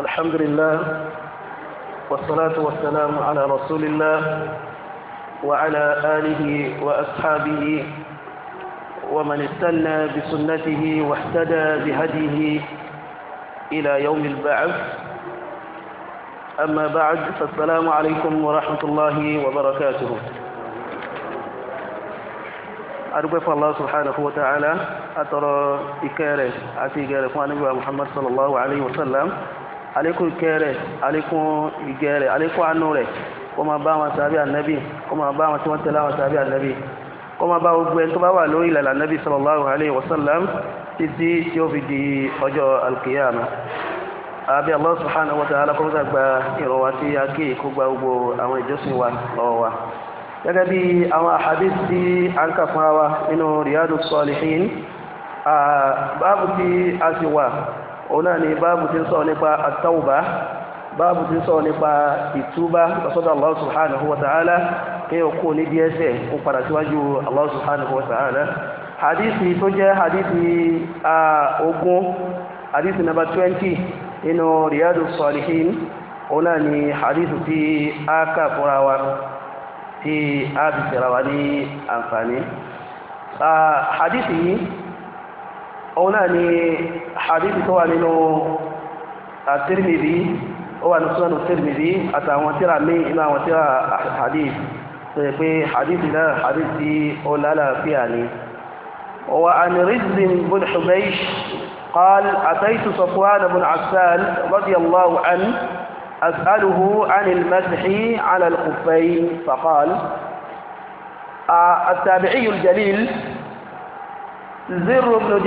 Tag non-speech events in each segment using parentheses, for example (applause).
الحمد لله والصلاة والسلام على رسول الله وعلى آله وأصحابه ومن استنى بسنته واهتدى بهديه إلى يوم البعث أما بعد فالسلام عليكم ورحمة الله وبركاته adúpẹ́fọ́ Allah سبحانه وتعالى ta'ala àtọrọ ìkẹrẹ àti ìgẹrẹ fún anábíwá Muhammad sallallahu alaihi àlékún ìkẹ́ rẹ̀ àlékún ìgẹ̀ rẹ̀ àlékún àánú rẹ̀ kó máa bá wọn sàbí ànábì kó máa bá wọn tí wọ́n tẹ̀lé àwọn sàbí ànábì kó máa bá gbogbo ẹni tó bá wà lórí ìlànà ànábì sallallahu alayhi wa sallam títí tí ó fi di ọjọ́ alkiyama àbí Allah subhanahu wa ta'ala kó máa gba ìrọ̀wá tí a kí kó gba gbogbo àwọn ìjọsìn wa lọ́wọ́ wa gẹ́gẹ́ bí àwọn hadith tí a ń kà fún wa nínú Riyadus Salihin báàbù tí a ti wà òun náà ni báàbù ti ń sọ nípa àtàwùbá báàbù ti ń sọ nípa ìtúbá lọ́sọ́dọ̀ Allah subhanahu wa ta'ala kí o kú ní díẹ̀ sẹ́ o padà síwájú Allah subhanahu wa ta'ala hadithi tó jẹ́ hadithi ogun hadithi number twenty nínú riyadu salihin òun náà ni hadithi tí a kà fúnra wa ní àǹfààní hadithi yìí òun ni حديث تو انو الترمذي هو انو سنن الترمذي اتا وتر مي امام وتر حديث في حديث لا حديث دي او لا لا في يعني وعن رزل بن حبيش قال اتيت صفوان بن عسال رضي الله عنه اساله عن المسح على الخفين فقال التابعي الجليل زر بن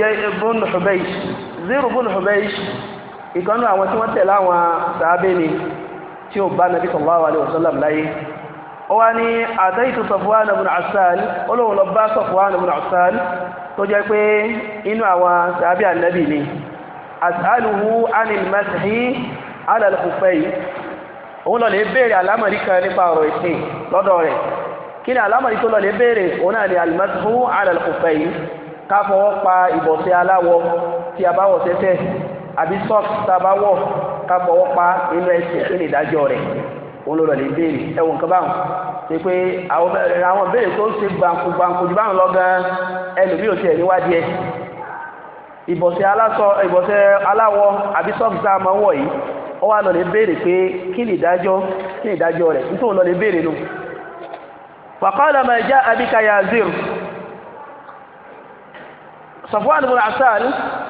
بن حبيش zero bun hubaysh ìkànnù àwọn tí wọ́n tẹ̀lé àwọn sàábẹ́ ni tí ó bá nàbí sallallahu alaihi wasallam láyé ó wá ní àtẹ́yìtò Safwan ibn Asal olóhùn lọ bá Safwan ibn Asal tó jẹ́ pé inú àwọn sàábẹ́ ànábì ni as'aluhu anil mashi ala al-khuffayn òun lọ lè béèrè alámọ̀rí kan nípa ọ̀rọ̀ ìsìn lọ́dọ̀ rẹ̀ kí ni alámọ̀rí tó lọ lè béèrè ni al-mashi ala al-khuffayn ká fọwọ́ pa ìbọ̀sẹ̀ aláwọ̀ tí a bá wọ̀ tẹ́tẹ́ àbí sọ́ọ̀kì tá a bá wọ̀ ká fọwọ́ pa nínú ẹsẹ̀ kí ni ìdájọ́ rẹ̀ òun ló lọ́lẹ̀ béèrè ẹ̀wọ̀n kan báwọn ṣe pé àwọn béèrè tó ń ṣe gbàǹkù gbàǹkù jù báwọn lọ gan ẹlòmíì ò tiẹ̀ níwádìí ẹ̀ ìbọ̀sẹ̀ aláṣọ ìbọ̀sẹ̀ aláwọ̀ àbí sọ́ọ̀kì tá a máa wọ̀ yìí ó wá lọ́lẹ̀ béèrè pé kí ni ìdájọ́ kí ni ìdájọ́ rẹ̀ nítorí lọ́lẹ̀ béèrè nù. fàkọ́lá máa já abíkayà zero Safwan ibn Asal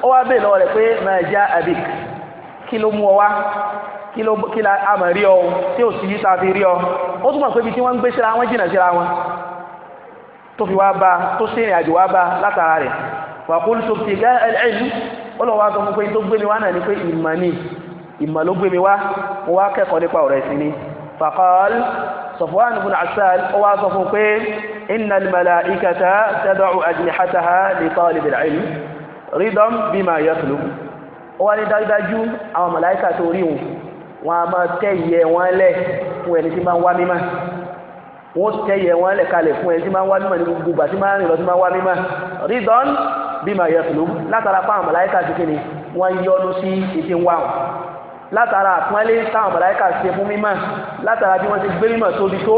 ó wá bẹ́ẹ̀ lọ́wọ́ rẹ̀ pé ma ja'abik kí ló mú ọ wá kí ló kí la àmà rí ọ tí ò sí yíta fi rí ọ ó túnmọ̀ pé ibi tí wọ́n ń gbé síra wọn jìnà síra wọn tó fi wá bá tó sí ìrìn àjò wá bá látara rẹ̀ wa qultu ibtigha al-ilm ó lọ wá sọ fún pé tó gbé mi wá náà ni pé ìmọ̀ ni ìmọ̀ ló gbé mi wá mo wá kẹ́kọ̀ọ́ nípa ọ̀rọ̀ ẹ̀sìn ni faqal Safwan إن الملائكة malaikata أجنحتها لطالب العلم رضا بما يطلب ridan bima yatlub wọ́n ní dájúdájú àwọn màláíkà tó rí wọn wọn a máa tẹ́yẹ wọn lẹ̀ fún ẹni tí máa ń wá mímọ́ wọ́n tẹ́yẹ wọn lẹ̀ kalẹ̀ fún ẹni tí máa ń wá mímọ́ ní gbogbo àti máa ń rìn tí máa ń wá mímọ́ ridan bima yatlub látara pa àwọn màláíkà tó kéde wọ́n yọnu sí ìṣe ń wá látara àpọ́nlé táwọn màláíkà ṣe fún mímọ́ látara bí wọ́n ti gbé mímọ́ tóbi tó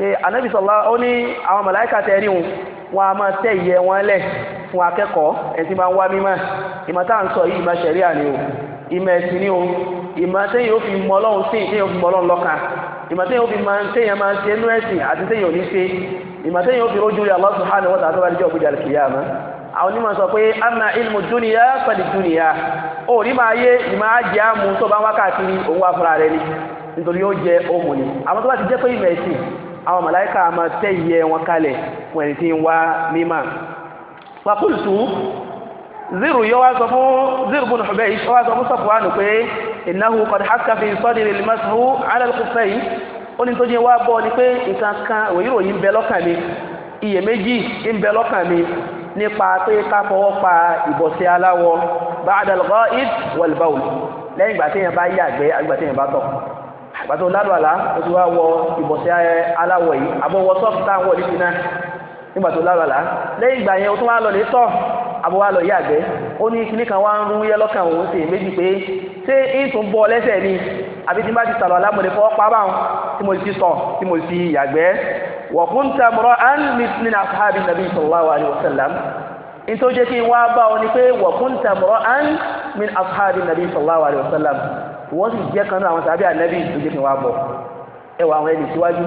pé anabi ọ ó ní àwọn màláíkà tẹ wọn a máa tẹ wọn lẹ̀ fún akẹ́kọ̀ọ́ ẹtí máa ń wá mímọ́ ìmọ̀ ń sọ yìí ìmọ̀ ni o ìmọ̀ ẹ̀sìn ni o ìmọ̀ téèyàn ó fi mọ ọlọ́run sí ó fi mọ ọlọ́run lọ́kàn ìmọ̀ ó fi máa téèyàn máa ṣe inú ẹ̀sìn àti ò ní ṣe ìmọ̀ ó fi rójú rí Allah subhanahu wa ta'ala tó àwọn onímọ̀ sọ pé ama dúnìyà pẹ̀lú dúnìyà ó rí máa yé ìmọ̀ àmú tó bá wákàtí òun fúnra ni nítorí ó òmùnì àwọn màláìka máa tẹ́ ìyẹ́ wọn kalẹ̀ fún ẹni tí ń wá mímọ́ fakultu ziru yọ wá sọ fún ziru bùn ọ̀bẹ́ yìí wá sọ fún sọ̀fùwánù pé ìnáhu kọ̀dí hákàfí sọ́dí rẹ̀ lẹ́mọ́sùn alẹ́kùnfẹ́ yìí ó ní tó jẹ́ wá bọ́ ni pé nǹkan kan òyìnbó yìí ń bẹ lọ́kàn mi iyèméjì ń bẹ lọ́kàn mi nípa pé ká fọwọ́ pa ìbọ̀sẹ̀ aláwọ̀ bá adàlùkọ́ id wọ̀lbáwò lẹ́yìn ìgbà téèyàn bá pàtó lálùwàlá ó ti wá wọ ìbọ̀sẹ̀ aláwọ̀ yìí àbọ̀wọ̀ sọ́ọ̀kì tá à ń wọ̀ níbi náà nígbà tó lálùwàlá lẹ́yìn ìgbà yẹn ó tún wá lọ lè tọ̀ àbọ̀wá lọ yí àgbẹ̀ ó ní kíní kan wá ń rú yẹ lọ́kàn òun sì méjì pé ṣé ń tún bọ́ lẹ́sẹ̀ ni àbí tí n bá ti sàlọ̀ alámọ̀lẹ́ fọwọ́ pa báwọn tí mo ti sọ tí mo ti yàgbẹ́ wọ̀kúntà mọ̀rọ̀ án min ashabi nàbí sallallahu alaihi wasallam ní tó jẹ́ kí n wá bá ọ ni pé wọ̀kúntà mọ̀rọ̀ án min ashabi nàbí sallallahu alaihi wasallam wọ́n sì jẹ́ kan náà àwọn sàbí ànábì tó jẹ́ kí n wá bọ̀ ẹ wà àwọn ẹni síwájú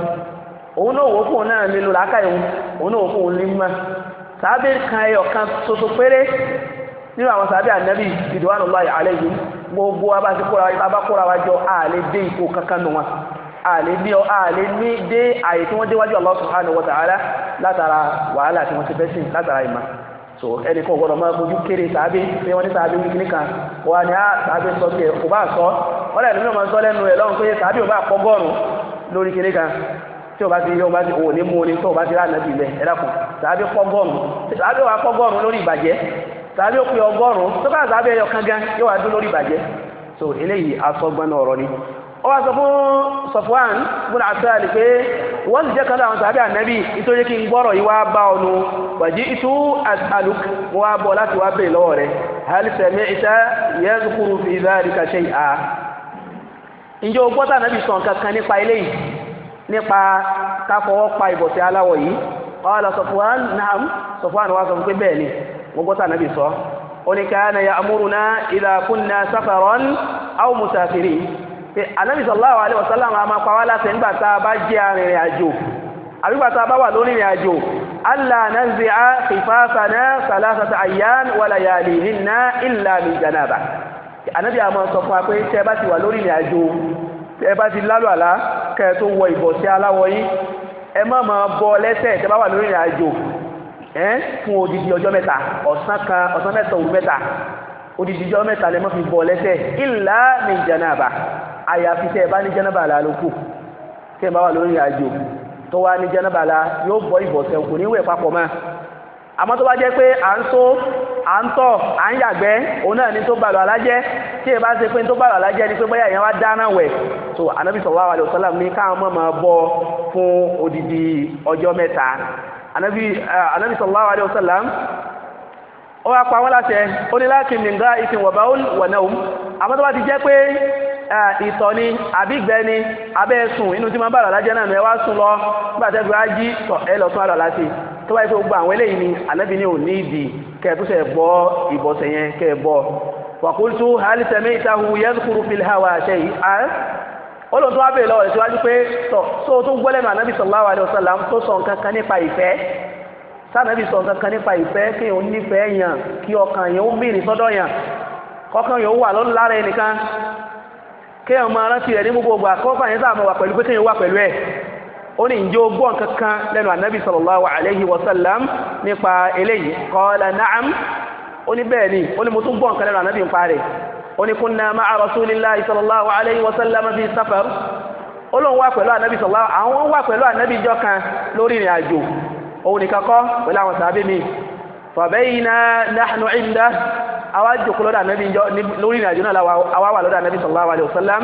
òun náà wò fún òun náà nílò làákà ìhun òun náà wò fún òun ní mímá sàbí kan ẹyọ kan ṣoṣo péré nínú àwọn sàbí ànábì ridwanullahi alaihim gbogbo abákóra wa jọ àlè dé ipò kankan nù wọn àlè ní àlè ní dé àyè tí wọ́n déwájú Allah subhanahu wa ta'ala látara wàhálà tí wọ́n ti fẹ́ sìn látara ìmọ̀ so ẹni fún ọgbọ́dọ̀ máa fojú kéré tàbí pé wọ́n ní tàbí wíkì nìkan wà ní àtàbí ah, sọ pé kò bá sọ wọ́n lẹ́nu náà máa sọ lẹ́nu ẹ̀ lọ́run pé tàbí ò bá pọ́gọ́rùn lórí kéré kan tí o bá ti yọ bá ti òwò mú tó bá ti ránà jùlẹ̀ tàbí pọ́gọ́rùn tàbí wà pọ́gọ́rùn lórí ìbàjẹ́ tàbí ó ọgọ́rùn tó bá ẹyọ kan gan yóò wá dún so eléyìí náà wọ́n sì jẹ́ kan láwọn tàbí ànábì nítorí kí n gbọ́rọ̀ yìí wá bá ọnu wàjí ìtú àlùk mo wá bọ̀ láti wá bèè lọ́wọ́ rẹ̀ hal sami'ta yadhkuru fi dhalika shay'a ǹjẹ́ o gbọ́dọ̀ ànábì sàn kankan nípa eléyìí nípa káfọwọ́ pa ìbọ̀tẹ́ aláwọ̀ yìí qala pé anabi sallallahu alayhi wa sallam a máa pa wá láti nígbà tá a bá jẹ́ arìnrìn àjò àbí allah nanzi a khifafana salasata ayyan wa layalihinna illa min janaba anabi a máa sọ fún wa pé tẹ́ bá ti wà lórí ìrìn àjò tẹ́ bá ti lálù àlá kẹ́ ẹ tó wọ ìbọ̀sẹ̀ aláwọ̀ yín ẹ má máa bọ lẹ́sẹ̀ tẹ́ bá wà lórí ìrìn fún odidi ọjọ́ mẹ́ta ọ̀sán kan ọ̀sán mẹ́ta òru mẹ́ta odidi ọjọ́ mẹ́ta lẹ́mọ́ fi bọ̀ lẹ́sẹ̀ illa min janaba àyàfi tẹ́ ẹ bá ní jẹ́nàbà la ló kù tẹ́ ẹ bá wà lórí àjò tó wá ní jẹ́nàbà la yóò bọ́ ìbọ̀sẹ̀ kò ní wẹ̀ papọ̀ mọ́ àmọ́ tó bá jẹ́ pé à ń tó à ń tọ̀ à ń yàgbẹ́ òun náà ní tó bàlọ̀ alájẹ́ tí èèyàn bá ṣe pé tó bàlọ̀ alájẹ́ ni pé bóyá èèyàn wá dáná wẹ̀ tó anábì sallallahu alaihi wasallam ní káwọn mọ̀ máa bọ́ fún odidi ọjọ́ mẹ́ta anábì eh, sallallahu alaihi wasallam ó wá pa wọ́n láṣẹ ó ní láàkì mìíràn ìsìn wọ̀bá wọ̀nà òun àmọ́ tó bá ti jẹ́ pé ìtọ̀ ni àbí ìgbẹ́ ni abẹ́ sùn inú tí máa bá àlọ́lá jẹ́ náà nù ẹ wá sùn lọ nígbà tẹ́ fi wá jí tọ̀ ẹ lọ tún àlọ́lá sí tó báyìí pé gbogbo àwọn eléyìí ni ànábì ní òní ìdì kẹtùsẹ̀ bọ́ ìbọ̀sẹ̀ yẹn kẹ bọ́ wàkúntù halisẹ̀mí ìtahu yẹ́sùkúrú filhawa ṣe yìí à olóòtú wa bèèrè lọ́wọ́ ìṣíwájú pé tọ̀ tó tún gbọ́lẹ̀ nù ànábì sallallahu alaihi wasallam tó sọ nǹkan kan nípa ìfẹ́ sànàbì sọ nǹkan kan nípa ìfẹ́ kí òun nífẹ̀ẹ́ yàn kí ọkàn yẹn ó mìíràn sọ́dọ̀ yàn kọ́kàn yẹn ó wà lọ́nà lára ẹnìkan kéèyàn máa rántí rẹ̀ ní gbogbo ọgbà kọ́kọ́ yẹn sáà mọ̀ wà pẹ̀lú pé kéèyàn wà pẹ̀lú ẹ̀ ó ní ìjọ gbọ́ nǹkan kan lẹ́nu ànábì sallallahu alayhi wa sallam nípa eléyìí qala na'am ó ní bẹ́ẹ̀ ni ó ní mo tún gbọ́ nǹkan lẹ́nu ànábì nípa rẹ̀ ó ní kunna ma'a rasulillahi sallallahu alayhi wa sallam fi safar ó lóun wà pẹ̀lú ànábì sallallahu àwọn wà pẹ̀lú ànábì jọ kan lórí ìrìn àjò òun nìkan kọ́ pẹ̀lú àwọn sàábì mi fa bayna nahnu inda àwa jòkó lọ́dọ̀ ànábì jọ lórí ìrìnàjò náà àwa wà lọ́dọ̀ ànábì sallallahu alayhi wa sallam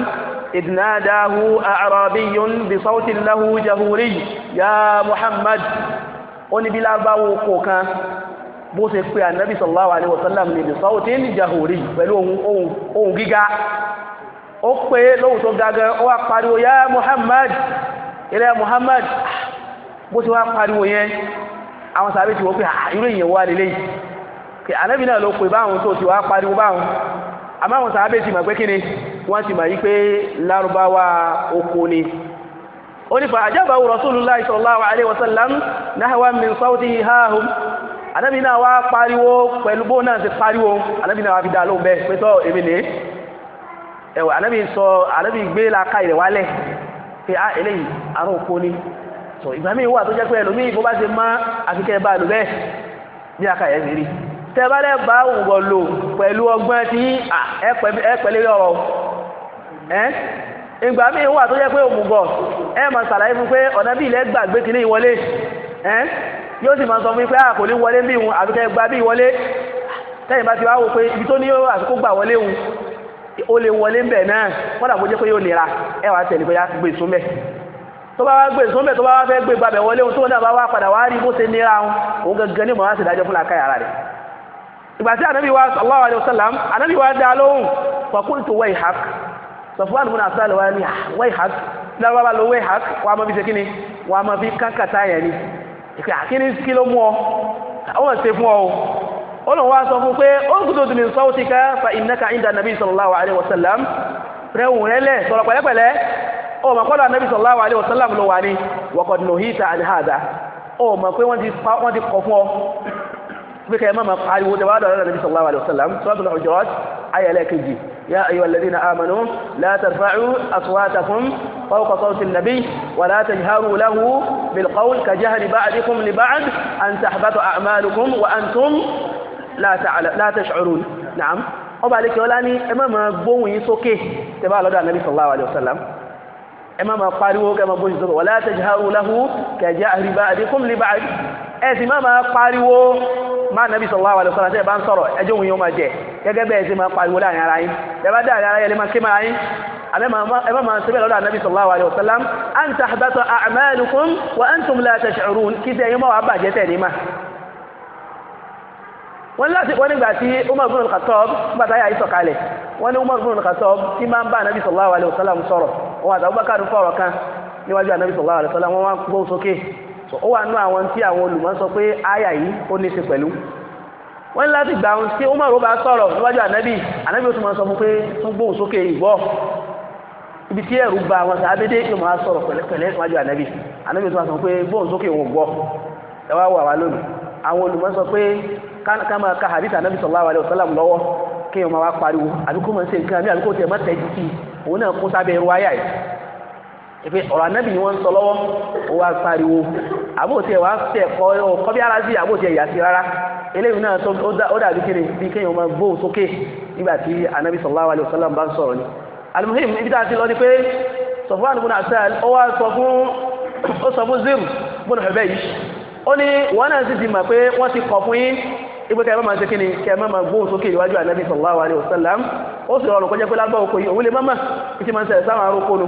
idnadahu arabiyun bi sautin lahu jahuri ya muhammad ó ní bí lábáwo kò kan bó ṣe pé ànábì sallallahu alayhi wa sallam ní bi sautin jahuri pẹ̀lú ohun gíga ó pé lóhùn tó gágẹ́ ó wá pariwo ya muhammad ilẹ̀ muhammad bó ṣe wá pariwo yẹn àwọn sàbẹ̀ tí wọ́n pé ah, irú ìyẹn wà lélẹ́yìí ànábì náà ló pè báwọn tó ti wá pariwo báwọn àmáwọn sàábé ti mọ̀ pé kíni wọ́n ti mọ̀ yí pé lárúbáwá oko ni ó ní fa àjábàwò rasulullahi sallallahu alaihi wasallam nahwa min sawtihi ànábì náà pariwo pẹ̀lú bó náà ti pariwo ànábì náà wá fi dá lóhùn bẹ́ẹ̀ pé tọ́ èmi sọ gbé wálẹ̀ pé á ah, eléyìí àrùn oko ni ìgbà míì wà tó jẹ́ pé ẹlòmíì bó bá má àfikẹ́ bá lò bẹ́ẹ̀ tẹ́bálẹ̀ bá wùwọ̀ lò pẹ̀lú ọgbọ́n tí ẹ pẹ̀lú ọ̀rọ̀ ẹ́ ìgbà míì wà tó jẹ́ pé òmùgọ̀ ẹ máa ṣàlàyé fún pé ọ̀nà bí ilẹ̀ gbàgbé kìíní ìwọlé ẹ́ yóò sì máa sọ fún pé a kò ní wọlé bí ìhun àbíkẹ́ gba bí ìwọlé tẹ́yìn bá ti wá wò pé ibi tó ní àsìkò gbà wọlé òun ó lè wọlé mbẹ̀ náà wọ́n dàbò jẹ́ pé yóò nira ẹ wàá tẹ̀lé pé yá gbé súnmẹ̀ tó bá wá gbé súnmẹ̀ tó bá wá fẹ́ gbé gbàbẹ̀ wọlé òun tó náà bá wá padà wá rí bó ṣe nira òun òun gangan ní mọ̀ wá sì dájọ́ fún làkàyà rẹ̀ ìgbà tí anabi wa sallallahu alayhi wa sallam anabi wa dá lóhùn fakultu wayhak sọfúnwá ni mo náà sálẹ̀ wáyé ni ah, wayhak lọ́wọ́ bá lo wayhak wàá ma fi ṣe kíni wàá ma fi kákàtà yẹn ni ìpè àkíní ah, kí ló mú ọ àwọn ṣe fún ọ o olùwà sọ fún pé ó gbọdọ̀ dùn ní sọ́wọ́tì ká fa innaka inda anabi sallallahu alayhi wa sallam rẹ̀wùn rẹ̀ sọ̀rọ̀ pẹ̀lẹ́pẹ̀lẹ́ ó mọ̀ kọ́lá anabi sallallahu alayhi wa ló wà ní waqad nuhita an ó mọ̀ pé wọ́n ti kọ̀ fún ọ بك يا ماما قال على النبي صلى الله عليه وسلم سبب الحجرات اي لا جي يا ايها الذين امنوا لا ترفعوا اصواتكم فوق صوت النبي ولا تجهروا له بالقول كجهر بعضكم لبعض ان تحبط اعمالكم وانتم لا تعلم لا تشعرون نعم وبالك ولاني امام غبو يسوكي تبع النبي صلى الله عليه وسلم امام قالوا كما بوزوا ولا تجهروا له كجهر بعضكم لبعض ẹ̀sìn máa máa pariwo máa nàbí sallallahu alaihi wasallam tẹ́ ẹ bá ń sọ̀rọ̀ ẹjọ́ òun yóò máa jẹ gẹ́gẹ́ bẹ́ẹ̀ sí máa pariwo láàrin ara yín ẹ bá dáàrin ara yẹn lè máa ké máa yín ẹ bá máa sẹ́bẹ̀ lọ́dọ̀ nàbí sallallahu alaihi wasallam an tahbata a'malukum wa antum la tash'urun kí tẹ́ yín máa wà bàjẹ́ tẹ̀ ní ma wọ́n láti wọ́n nígbà tí Umar bin al-Khattab nígbà táyà yìí sọ̀kalẹ̀ wọ́n ní Umar bin al-Khattab tí máa ń bá anabi sallallahu alaihi wasallam sọ̀rọ̀ wọn àti Abubakar fọ̀rọ̀ kan níwájú anabi sallallahu alaihi wasallam wọ́n wá gbóhùn so ó wà nú àwọn tí àwọn olùmọ̀ sọ pé àyà yìí ó ní í ṣe pẹ̀lú wọ́n ní láti gbà tí Umar bá sọ̀rọ̀ níwájú ànábì ànábì ó tún máa sọ fún pé tún gbóhùn sókè ìgbọ́ ibi tí ẹ̀rù bà àwọn sàábédé yóò máa sọ̀rọ̀ pẹ̀lẹ́pẹ̀lẹ́ níwájú ànábì ànábì ó tún máa sọ pé gbóhùn sókè òun gbọ́ ẹ wá ìfẹ́ ọ̀rọ̀ anábì ni wọ́n ń sọ lọ́wọ́ ó wá pariwo àbòtí ẹ̀ wá tẹ̀ kọ́ ọkọ bí ara sí àbòtí ẹ̀ yà sí rárá eléyìí náà ó dàbí kéde bí kéèyàn máa gbóhùn sókè nígbà tí anábì sallallahu alaihi wasallam bá ń sọ̀rọ̀ ni alimuhim ibi tá a ti lọ ni pé Safwan ibn Asal ó wá sọ fún ó sọ fún Zir ibn Hubaysh ó ní wọn náà sì ti mọ̀ pé wọ́n ti kọ̀ fún yín ipe kẹ́ ẹ máa ṣe kí ni kẹ́ ẹ máa gbóhùn sókè iwájú anábì sallallahu alaihi wasallam ó sì rọrùn kọjá pé lágbà oko yìí òun lè má mà kí máa ń ṣẹlẹ̀ sáwọn arókò nù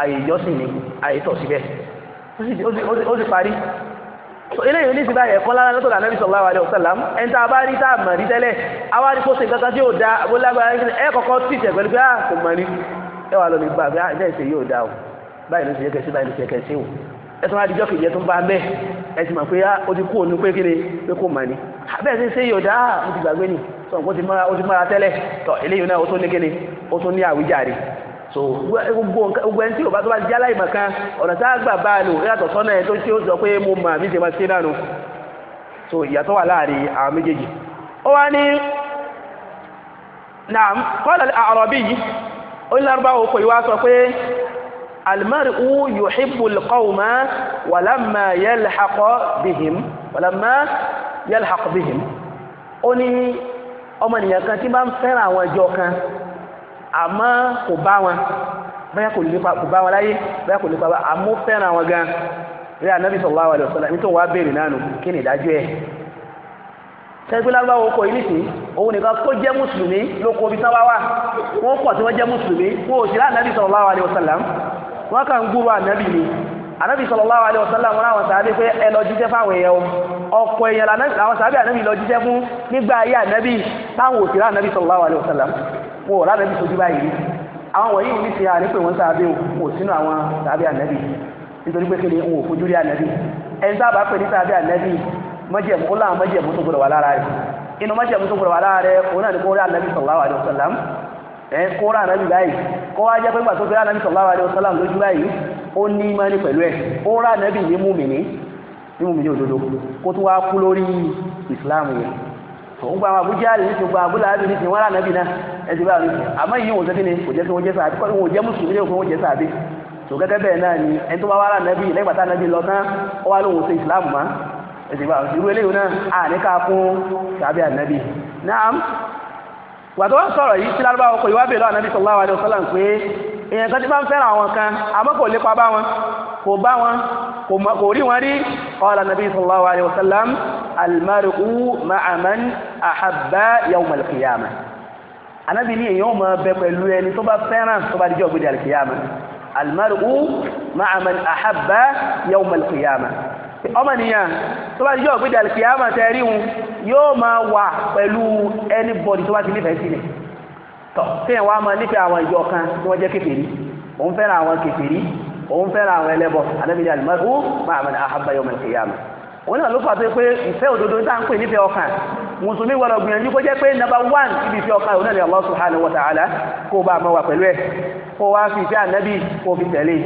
àyè ìjọsìn ni àyè tọ̀ síbẹ̀ ó sì parí eléyìí ní ìsìnbáyẹ̀ ẹ̀kọ́ lára lọ́tọ̀ ànábì sallallahu alaihi wasallam ẹni tá a bá rí tá a mọ̀ rí tẹ́lẹ̀ àwa ni kó ṣe nǹkan kan tí yóò da bó lágbára ẹ kọ́kọ́ tìṣẹ̀ pẹ̀lú pé a ah, kò mọ̀ ni ẹ wà lómi gbà pé a ilé ìṣe yóò da o báyìí ló ṣe yẹ kẹsí báyìí ló ṣe kẹsí o ẹ tún wá di jọ́kì yẹn tó ń bá mẹ́ ẹ ti mọ̀ pé ah, ó ti kú òun pé kí ni pé kò mọ̀ ni ah, bẹ́ẹ̀ ṣe ṣe yóò da mo ti gbàgbé ni sọ̀rọ̀ ó ti mọ́ra tẹ́lẹ̀ tọ̀ eléyìí náà ó tún ní kí ni ó tún ní àwíjàre so gbogbo ẹni tí o bá tó bá jẹ́ aláìmọ̀ kan ọ̀nà tá a gbà bá a lò yàtọ̀ sọ́nà ẹ̀ tó tí ó sọ pé mo mà mí ṣe máa ṣe náà so ìyàtọ̀ wà láàrin àwọn méjèèjì ó wá ní na kọ́lá àrọ̀bí yìí onílárúbá òkò yìí wá sọ pé almar'u yuhibbu alqawma walamma yalhaqa bihim walamma yalhaqa bihim ó ní ọmọ kan tí bá ń fẹ́ràn àwọn ẹjọ́ kan àmọ́ kò bá wọn báyà kò lè kò bá wọn láyé báyà kò lè pa àmọ́ fẹ́ràn wọn gan rí ànábì sallallahu alaihi wasallam nítorí wàá béèrè náà nù kí ni ìdájọ́ ẹ̀ tẹgbẹ́lágbáwo kọ ìlísì òun nìkan tó jẹ́ mùsùlùmí ló kó omi sáwá wà wọ́n pọ̀ tí wọ́n jẹ́ mùsùlùmí wọ́n ò sí láàánábì sallallahu alaihi wasallam wọ́n kàn ń gúrú ànábì ni ànábì sallallahu alaihi wasallam wọn àwọn sàábé pé ẹ lọ jíṣẹ́ fáwọn èèyàn ọ̀pọ̀ èèyàn làwọn sàábé ànábì lọ jíṣẹ́ fún nígbà ayé ànábì táwọn ò sí láàánábì sallallahu alaihi wasallam wọn ò lábẹ́ bí sojú báyìí àwọn wọ̀nyí ní ti àní pé wọ́n sábẹ́ ò sínú àwọn sábẹ́ ànẹ́bì nítorí pé kéde wọn ò fojú rí ànẹ́bì ẹni tá a bá pè ní sábẹ́ ànẹ́bì mọ́jẹ̀mú ó láwọn mọ́jẹ̀mú tó gbọdọ̀ wà lára rẹ̀ inú mọ́jẹ̀mú tó gbọdọ̀ wà lára rẹ̀ òun náà ni kó rí sallallahu alaihi wasallam ẹ̀ kó rí ànẹ́bì báyìí kó wá jẹ́ pé gbà sallallahu alaihi wasallam lójú báyìí ó ní mọ́ni pẹ̀lú ẹ̀ ó rí ànẹ́bì ní múmi ní múmi ní òdodo kó tún wá kú lórí ìsìláàmù yẹn òun gba àwọn àbújá àlè ní ṣùgbọ́n àbúlà àbí ní tiwọn lànà bí náà ẹ ti bá wọn sùn àmọ́ ìyí wọn sẹ́kí ni kò jẹ́ kí wọ́n jẹ́ sàbí kọ́ wọn ò jẹ́ mùsùlùmí lẹ́yìn wọn jẹ́ sàbí tó gẹ́gẹ́ bẹ́ẹ̀ náà ni ẹni tó bá wà lànà bí lẹ́yìn bàtà nàbí lọ tán ó wá lóhun ṣe ìsìlámù má ẹ ti bá wọn irú eléyìí náà à ní ká fún sàbí ànábì náà wàtí wọ́n sọ̀rọ̀ yìí sí lárúbáwọ̀ kò ìwábẹ̀ lọ́wọ́ ànábì sallallahu alaihi wasallam pé èèyàn kan ti bá ń fẹ́ràn àwọn kan àmọ́ kò lépa bá wọn kò bá wọn kò rí wọn rí ọ̀là ànábì sallallahu alaihi wasallam almaru ma'aman ahabba yawm alqiyama anabi ni èyàn máa bẹ pẹ̀lú ẹni tó bá fẹ́ràn tó bá dijọ́ gbede alqiyama almaru ma'aman ahabba yawm alqiyama ọmọ nìyàn tó bá dijọ́ gbede alqiyama tẹ́rí hun yóò wà pẹ̀lú anybody tó bá ti nífẹ̀ẹ́ sílẹ̀ tọ́ kéèyàn wá máa nífẹ̀ẹ́ àwọn ìjọ kan tí wọ́n jẹ́ kékeré òun fẹ́ràn àwọn kékeré òun fẹ́ràn àwọn ẹlẹ́bọ anabi ni almaru ma'aman ahabba yawm alqiyama òun náà ló fà pé pé ìfẹ́ òdodo tá ń pè nífẹ̀ẹ́ ọkàn mùsùlùmí wọ́n gbìyànjú kó jẹ́ pé nọmba wán ibi ìfẹ́ ọkàn òun náà ni Allah subhanahu wa ta'ala kó bá máa wà pẹ̀lú ẹ̀ kó wá fi ìfẹ́ ànábì kó fi tẹ̀lé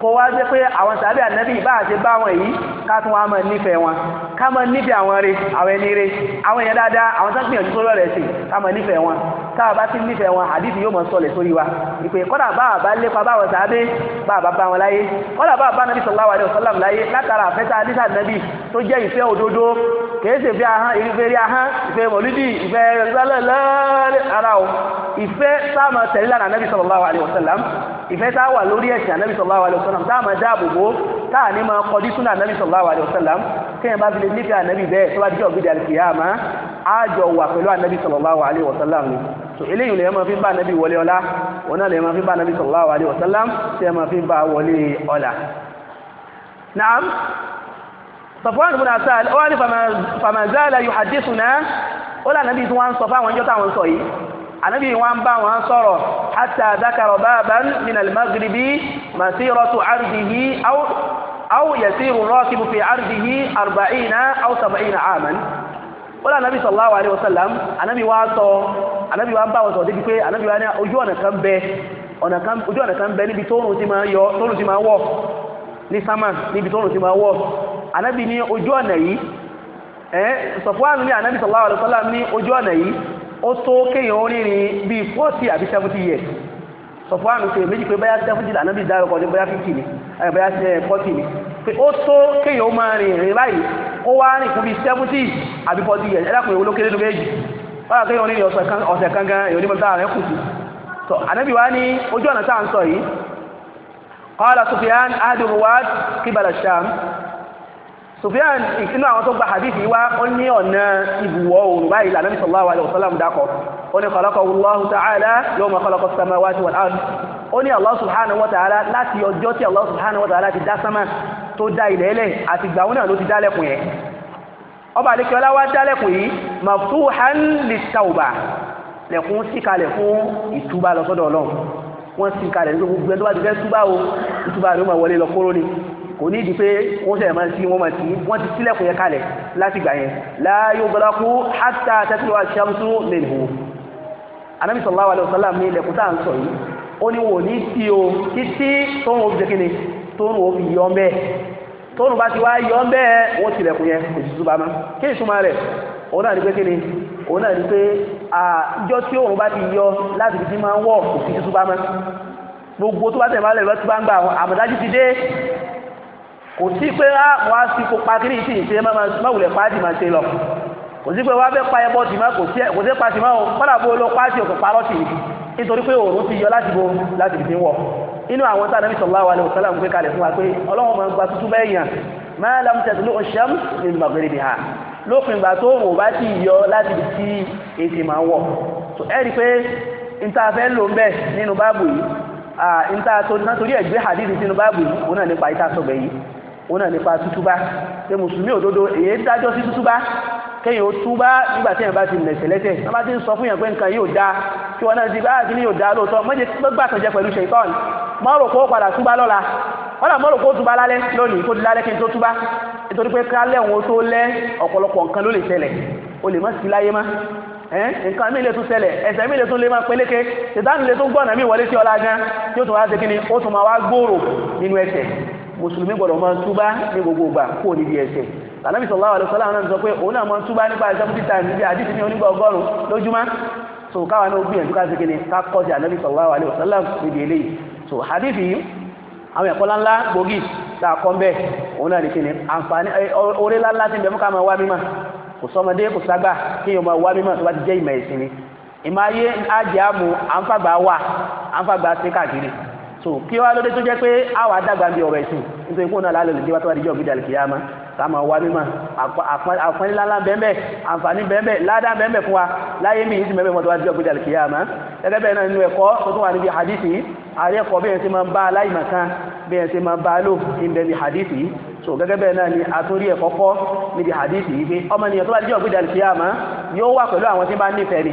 kó wá jẹ́ pé àwọn sàbẹ̀ ànábì bá àti bá wọn yìí ká tún wá máa nífẹ̀ẹ́ wọn ká máa nífẹ̀ẹ́ àwọn rẹ̀ àwọn ẹni rẹ̀ àwọn èèyàn dáadáa àwọn tó ń gbìyànjú tó lọ́rẹ̀ sí ká máa nífẹ̀ẹ́ wọn táwa bá ti nífẹ̀ẹ́ wọn àdìsí yóò mọ̀ sọlẹ̀ sórí wa ìpè kọ́dà bá àbá lépa báwọn sàábé bá àbá bá wọn láyé kọ́dà bá àbá nàbí sallallahu alaihi wasallam láyé látara àfẹ́sà àdìsà nàbí tó jẹ́ ìfẹ́ òdodo kèése fi ahán ìfẹ́ rí ahán ìfẹ́ mọ̀lídì ìfẹ́ lọ́lọ́lọ́lẹ́ ara o ìfẹ́ sáàmà tẹ̀lé lánàá nàbí sallallahu alaihi wasallam ìfẹ́ tá a wà lórí ẹ̀sìn ànábì sallallahu alaihi wasallam tá a máa dáàbò bò tá a ní máa kọjú súnà ànábì sallallahu alaihi wasallam kéèyàn bá fi lè nífẹ̀ẹ́ ànábì bẹ́ẹ̀ tó bá jẹ́ òbí dàlùkìyàmá á jọ wà pẹ̀lú ànábì sallallahu alaihi wasallam ni so eléyìí lè máa fi bá nàbí wọlé ọlá òun náà lè máa fi bá nàbí sallallahu alaihi wasallam tí ẹ máa fi bá wọlé ọlá naam Safwan ibn Asal ó wá ní famazala yuhaddithuna ó là nàbí tí wọ́n ń sọ fáwọn ọjọ́ táwọn sọ yìí ànábì wọn bá wọn sọ̀rọ̀ hatta dhakara baban min al-maghribi masiratu ardihi aw aw yasiru rakibu fi ardihi arba'ina aw sab'ina aman ó là sallallahu alaihi wasallam ànábì wọn sọ anábì wa ń bá wọn sọ̀rọ̀ débi pé anábì wa ní ojú ọ̀nà kan bẹ ojú ọ̀nà kan bẹ níbi tóòrùn ti máa yọ tóòrùn ti máa wọ̀ ní sámà níbi tóòrùn ti máa wọ̀ anábì ní ojú ọ̀nà yìí ẹ̀ sọ̀fúnwánù ní anábì sallallahu alaihi wasallam ní ojú ọ̀nà yìí ó tó kéèyàn orírin bíi forty àbí seventy years sọ̀fúnwánù ṣe méjì pé báyà seventy anábì dárúkọ ní báyà fifty ni báyà forty ni pé ó tó kéèyàn ó máa rìn rìn báyìí ó wá rìn fún bíi seventy àbí forty years ẹ̀dá wọ́n àgbẹ̀ òní ọ̀sẹ̀ kan gan èyí onímọ̀ táwọn ẹ̀kùn sí tó ànábì wá ní ojú ọ̀nà táà ń sọ yìí qala Sufyan adùnwád kíbalà sham Sufyan ìsinú àwọn tó gba hadith yìí wá ó ní ọ̀nà ibùwọ̀ oòrùn báyìí lànà sallallahu alaihi wasallam dákọ̀ ó ní khalaqa Allahu ta'ala yawma khalaqa as-samawati wal ard ó ní Allah subhanahu wa ta'ala láti ọjọ́ tí Allah subhanahu wa ta'ala ti dá sánmà tó dá ilẹ̀ ẹlẹ̀ àti gbàwọn náà ló ti dálẹ̀kùn yẹn ọba àdékẹ́ọ́lá wá dálẹ̀kùn yìí maftuhan lit-tawbah lẹ̀kùn síkalẹ̀ fún ìtúbà lọ́sọ́dọ̀ ọlọ́run wọ́n síkalẹ̀ ní gbogbo ẹni tó bá ti fẹ́ túbà o ìtúbà rẹ̀ máa wọlé lọ kóró ni kò ní ìdí pé wọ́n sẹ̀ máa sí wọ́n máa sí wọ́n ti sílẹ̀kùn yẹn kalẹ̀ láti gbà yẹn la yughlaqu hatta tatlu'a ash-shamsu min ghurub Ànábì sallallahu alaihi wasallam ní ilẹ̀kùn tá à ń sọ yìí ó o títí tó ń wo bí jẹ́ kí ni tó ń tóun bá ti wá yọ bẹ́ẹ̀ wọ́n tilẹ̀kùn yẹn kò sí túbà mọ́ kí ìtumọ̀ rẹ̀ òun náà ní pé kíni òun náà ní pé àjọ tí òun bá ti yọ láti fi máa ń wọ̀ kò sí túbà mọ́ gbogbo tó bá tẹ̀ máa lẹ̀ lọ́tí bá ń gbà àwọn àmọ̀dájú ti dé kò sí pé wá sí kó pa kí ní ìsìn ìṣe má wulẹ̀ pa á dì máa ṣe lọ kò sí pé wá fẹ́ pa ẹbọ tì má kò sí kò sí pa tì má o kọ́dà bó lọ pa á sì òkè parọ́ tì nítorí pé òòrùn ti yọ láti bo láti fi wọ̀ inú àwọn tá ànábì sallallahu alaihi wasallam ń gbé kalẹ̀ fún wa pé ọlọ́wọ́n máa ń gba tútú bẹ́ẹ̀ yàn ma lam tatlu'u ash-shams min maghribiha lópin ìgbà tó wò bá ti yọ láti ibi tí èsì máa ń wọ̀ tó ẹ rí i pé níta fẹ́ lò ń bẹ̀ nínú báàbù yìí níta torí ẹ̀ gbé hadith sínú báàbù yìí òun náà nípa ìta sọ̀gbẹ̀ yìí òun náà nípa tútúbá pé mùsùlùmí òdodo èyí dájọ́ sí tútúbá kéèyàn ó túbá nígbà tí èèyàn bá ti lẹ̀sẹ̀ lẹ́sẹ̀ wọ́n bá ti ń sọ fún yàn pé nǹkan yóò da kí wọ́n náà ti bá àgbélé yóò da lóòótọ́ mọ́jẹ́ tó gbà tán jẹ pẹ̀lú ṣèkọ́ọ̀nù mọ́rò kó padà túbá lọ́la wọ́n náà mọ́rò kó túbá lálẹ́ lónìí kó lálẹ́ kí n tó túbá nítorí pé kálẹ̀ òun tó lẹ́ ọ̀pọ̀lọpọ̀ nǹkan ló lè ṣẹlẹ̀ o lè má sí láyé má nǹkan mi lè tún ṣẹlẹ̀ ẹ̀ṣẹ̀ mi lè tún lè má peléke ìdánù lè tún gbọ́nà mi wọlé sí ọlá gan tí ó tún wá ṣe kí ni ó tún máa wá gbòòrò nínú ẹ̀ṣẹ̀ mùsùlùmí gbọ́dọ̀ máa túbá ní gbogbo ìgbà kó níbi ẹ̀ṣẹ̀ sànàbí sallallahu alaihi wasallam náà sọ pé òun náà mọ́ túbá nípa seventy times níbi àdìsí ní onígbà ọgọ́rùn-ún lójúmọ́ so káwa náà gbìyànjú ká segin ní ká kọ́ sí ànàbí sallallahu alaihi wasallam níbi eléyìí so àdìsí yìí àwọn ẹ̀kọ́ ńláńlá gbòógì tá a kọ́ mbẹ́ òun náà nìkíni àǹfààní orí ńláńlá ti bẹ̀ mú ká máa wá mímọ́ kò sọmọdé kò ságbà kí èèyàn máa wá mímọ́ tó bá ti jẹ́ ìmọ̀ ẹ̀sìn ni ìmọ̀ ayé ajé àmú àǹfàgbà wà àǹfàgbà sí káàkiri so kí wá lóde tó jẹ́ pé àwọn adágbà ń bi ọ̀rọ̀ ẹ̀sìn nítorí kóun náà lálẹ́ olùdíwá tó bá ti jẹ́ òbí dàlùkìyàmá sáàmà wá mímọ̀ àfọ́nilálá bẹ́ẹ̀bẹ́ àǹfààní bẹ́ẹ̀bẹ́ ládá bẹ́ẹ̀bẹ́ fún wa láyé mi ìsìn bẹ́ẹ̀bẹ́ mọ́tò wá jẹ́ ògbéjà kìí àmá gẹ́gẹ́ bẹ́ẹ̀ náà nínú ẹ̀kọ́ tó tún wà níbi hadithi àríẹ̀kọ́ bẹ́ẹ̀ sí máa ń bá so gẹ́gẹ́ bẹ́ẹ̀ ni àtúrí ẹ̀kọ́kọ́ níbi hadithi yìí pé ọmọ ènìyàn tó bá jẹ́ ògbéjà kìí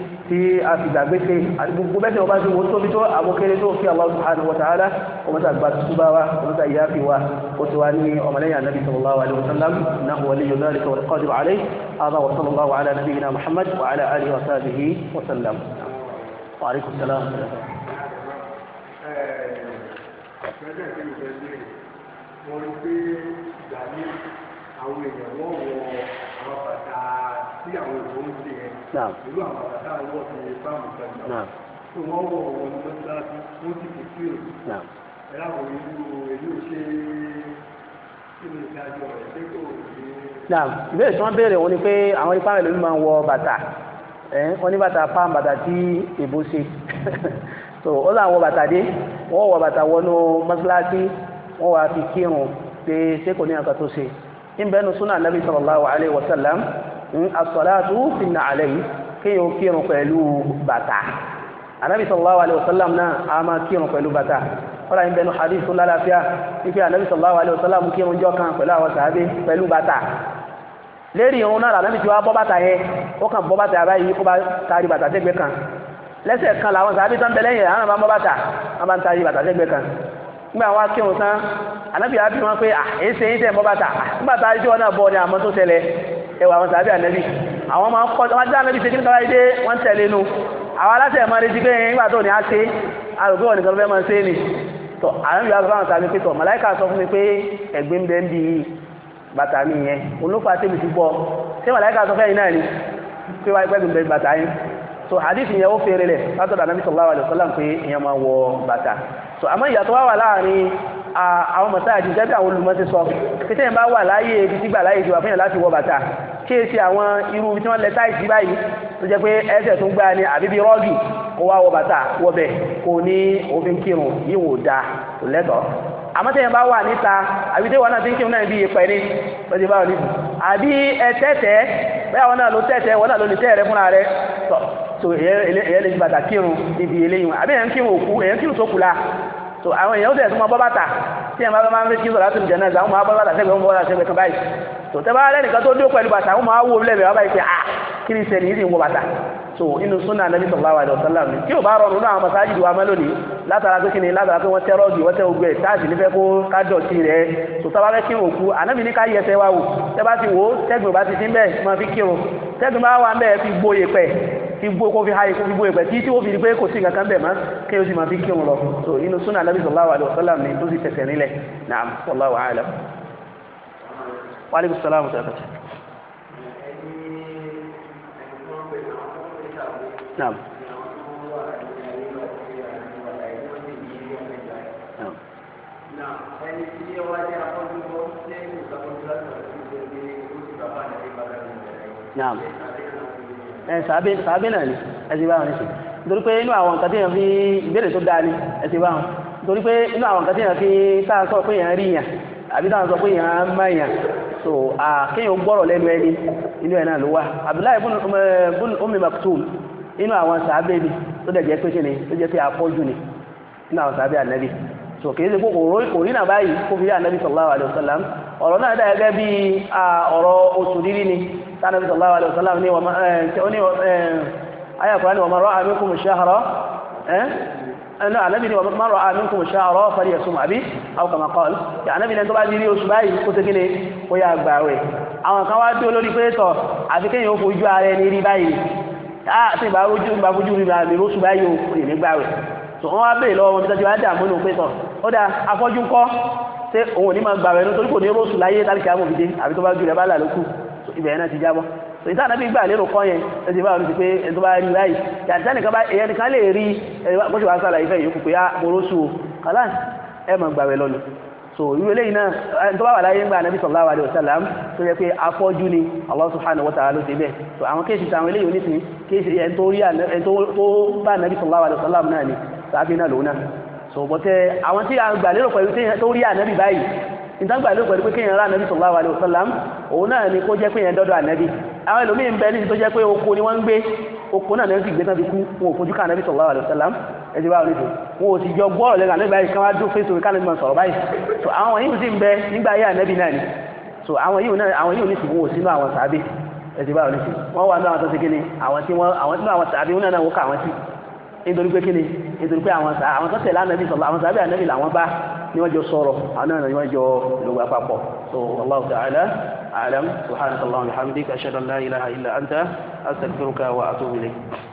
tí a fi gbàgbé ṣe àti gbogbo bẹ́ẹ̀ tí wọ́n bá ṣe wọ́n tóbi tó àbókéré tó fi Allah subhanahu wa ta'ala ọmọta àgbà tuntun bá wa ọmọta ìyá fi wa ó ti wá ní ọmọlẹ́yìn àwọn èèyàn wọ́n wọ àwọn bàtà tí àwọn èso ń ṣe yẹn pẹ̀lú àwọn àdá ọwọ́ ti fáàmù kẹta tó wọ́n wọ̀ wọ́n ní mọ́tíláṣí wọ́n ti fi kí èyí ẹ̀rọ àwọn ìlú èyí ò ṣe kí ni ìdájọ́ rẹ̀ ṣé kò ní. ìbéèrè tí wọ́n béèrè wọn ni pé àwọn ipá rẹ̀ ló máa ń wọ bàtà wọ́n ní bàtà pàm bàtà tí èbó ṣe (laughs) so ó láwọn bàtà dé wọ́n wọ bàtà wọnú mọ́tíláṣí wọ́n wá fi kírun pé ṣé kò ní àkàtúnṣe ń bẹ́nu súnà nàbí sallallahu alaihi wasallam asọ̀láàtú fi nà àlẹ́ yìí kéèyàn kírun pẹ̀lú bàtà anabi sallallahu alayhi wa sallam náà a máa kírun pẹ̀lú bàtà kọ́lá ń bẹnu hadith tó lálàáfíà wípé anabi sallallahu alayhi wa sallam kírun jọ kan pẹ̀lú àwọn sàábé pẹ̀lú bàtà lérí irun náà anabi ti wá bọ́ bàtà yẹn ó kàn bọ́ bàtà báyìí kó bá taari bàtà sẹ́gbẹ́ kan lẹ́sẹ̀ kan làwọn sàábé tán bẹ lẹ́yìn àwọn bá bọ́ bàtà kírun tán anabi bí wọn pé à èyí ṣe yín tẹ̀ bọ́ bàtà nígbà tá ẹwà àwọn sàbí ànẹ́bí àwọn máa ń kọ́ wọn tí ànẹ́bí ṣe kí ní káwáyé dé wọ́n tẹ̀lé nu àwọn aláṣẹ ẹ̀ máa retí pé nígbà tó ní á ṣe àrògbé wọn nìkan ló fẹ́ máa ṣe ni tọ àwọn ìyá ọlọ́pàá sàbí pé tọ màláìka sọ fún mi pé ẹ̀gbẹ́ ń ń bi bàtà mi yẹn olófà tèmi ti bọ ṣé màláìka sọ fẹ́yìn náà ni pé wáyé pẹ́ẹ́gbẹ́ ń bàtà yín so hadith yẹn ó fèrè lẹ̀ látọ̀dọ̀ ànẹ́bí sallallahu so àmọ́ ìyàtọ̀ wà wà àwọn mọ̀tá àti ìjẹ́bí àwọn olùmọ̀ ti sọ pété yẹn bá wà láyé ibi tí gbà láyé ti wà fún yẹn láti wọ bàtà kéèsì àwọn irú ibi tí wọ́n lẹ táìsì báyìí tó jẹ́ pé ẹsẹ̀ tó ń gbá ni àbí bí rọ́ọ̀gì kó wá wọ bàtà wọbẹ̀ kó ní òfin kírun yíwò da kò lẹ́tọ̀ọ́ àmọ́ tẹ̀yìn bá wà níta àbí tẹ̀yìn wọn náà ti ń kírun náà bí ìpẹ́ ní lọ́sẹ̀ báwọn níbi àbí ẹ tẹ́tẹ́ bẹ́ẹ̀ wọn náà ló tẹ́tẹ́ wọn náà ló lè tẹ́ rẹ fúnra rẹ tọ̀ tó èyẹ lè bàtà kírun níbi eléyìí àbí èyẹ ń kírun òkú èyẹ ń kírun tó kù la so àwọn èèyàn ó tẹ̀ tó mọ bọ́ bàtà tí èèyàn bá máa ń fi kí sọ̀rọ̀ láti jẹ̀ náà àwọn máa bọ́ bàtà sẹ́gbẹ̀ẹ́ wọn bọ́ sẹ́gbẹ̀ẹ́ kan báyìí so tẹ́ bá lẹ́nìkan tó dé pẹ̀lú bàtà àwọn máa wò lẹ́bẹ̀ẹ́ wá báyìí pé à ah, kí ni sẹ́ni yìí wọ bàtà so inú súnà nàbí sallallahu alaihi wasallam ni tí ò bá rọrùn náà àwọn masáàjì wa mọ́ lónìí látara pé kíni látara pé wọ́n tẹ́ rọ́ọ̀gì wọ́n tẹ́ ogun ẹ̀ táàjì nífẹ̀ẹ́ kó kájọ̀ sí rẹ̀ tó tábà fẹ́ kírun òkú ànábì ní ká yẹ ẹsẹ̀ fi gbó kó fi háyé kó fi gbó ìpẹ́ tí tí ó fi di pé kò sí nǹkan kan bẹ̀ mọ́ kí ó sì máa fi kí òun lọ so inú súnà alábi sallallahu alaihi wasallam ni tó sì tẹ̀sẹ̀ nílẹ̀ naam wallahu a'lam wa alaikum salaam wa rahmatulah. naam. ẹni sàbẹ sàbẹ náà ni ẹsẹ báwọn ní sè nítorí pé inú àwọn nǹkan fi ìbéèrè tó dáa ni ẹsẹ báwọn nítorí pé inú àwọn nǹkan fi sáà sọ pé yẹn rí yàn àbí táwọn sọ pé yẹn má yàn so kéèyàn gbọ́rọ̀ lẹ́nu ẹni inú ẹ̀ náà ló wá Abdullahi bun um, Ummi Maktum inú àwọn sàbẹ ni tó dẹ̀ jẹ́ pé kí ni tó jẹ́ pé afọ́jú ni inú àwọn sàbẹ ànábì so kìí ṣe kó kò rí náà báyìí kó fi rí ànábì sallallahu alayhi wa sallam ọ̀rọ̀ náà dá gẹ́gẹ́ bí ọ̀rọ̀ oṣù rírí ni tánàbì sallallahu alayhi wa sallam ní wọ́n ní ayàkùnrin ni wọ́n máa rọ́ àmì kùmù ṣáhàrọ́ ẹnu ànábì ni wọ́n máa rọ́ àmì kùmù ṣáhàrọ́ fàrí ẹ̀sùn àbí àwòkàmà kọ́ọ̀lù ànábì ni tó bá dirí oṣù báyìí kó ṣe kíni ó yà gbà rẹ̀ àwọn kan wá dé olórí so wọ́n wá bèèrè lọ́wọ́ wọn bí tọ́jú wá dààmú nù pé ó dà afọ́jú ńkọ́ ṣé òun ò ní máa gbàwẹ̀ ní torí kò ní róòsù láyé tálíkì amòfìdé àbí tó bá ju rẹ̀ bá là lókù ibẹ̀ náà ti jábọ́ ìta nàbí gbà lérò kọ́ yẹn ẹ ti bá wọn ti pé ẹ tó bá rí láyìí yàtí nìkan bá èèyàn nìkan lè rí ẹ bó ṣe wàá sàlàyé fẹ́ yòókù pé ah, morosu o kàlá ẹ mọ̀ gbàwẹ̀ lọ́nu so irú eléyìí náà ẹni tó bá wà láyé ń gba nàbí sallallahu alaihi wasallam tó yẹ pé afọ́jú ni Allah subhanahu wa ta'ala ló ti bẹ́ẹ̀ so àwọn kéèsì tàwọn eléyìí onísìn kéèsì ẹni tó bá nàbí sallallahu alaihi wasallam náà ni sàábì náà lòun náà sọ̀bọ̀tẹ́ eh, àwọn tí a gbà lérò pẹ̀lú tó rí ànábì báyìí ìtàgbà lérò pẹ̀lú pé kéèyàn rá ànábì sallallahu alaihi wasallam òun náà ni kó jẹ́ pé yẹn dọ́dọ̀ ànábì àwọn ẹlòmíín bẹ níbi tó jẹ́ pé oko ni wọ́n ń gbé oko náà lẹ́nu sì gbé tán fi kú wọn ò fojú ká ànábì sallallahu alaihi wasallam ẹtì bá wọlé tó wọn ò sì jọ gbọ́rọ̀ lẹ́nu ànábì báyìí káwá dún fèsì orí kánàbì máa sọ̀rọ̀ báyìí so àwọn yìí sì ń bẹ nígbà ayé ànábì náà ni so àwọn yìí náà àwọn yìí ò ní sì wọn ò sínú àwọn sàábì ẹtì bá wọlé tó wọn wà ní àwọn tó ti kí ni àwọn tí nítorí pé kíni nítorí pé àwọn àwọn tó tẹ̀lé ànábì sọ̀rọ̀ àwọn sàbẹ̀ ànábì làwọn bá ni wọ́n jọ sọ̀rọ̀ àwọn náà ni wọ́n jọ lògbà papọ̀ so Allahu ta'ala a'lam subhanaka Allahumma wa bihamdika ashhadu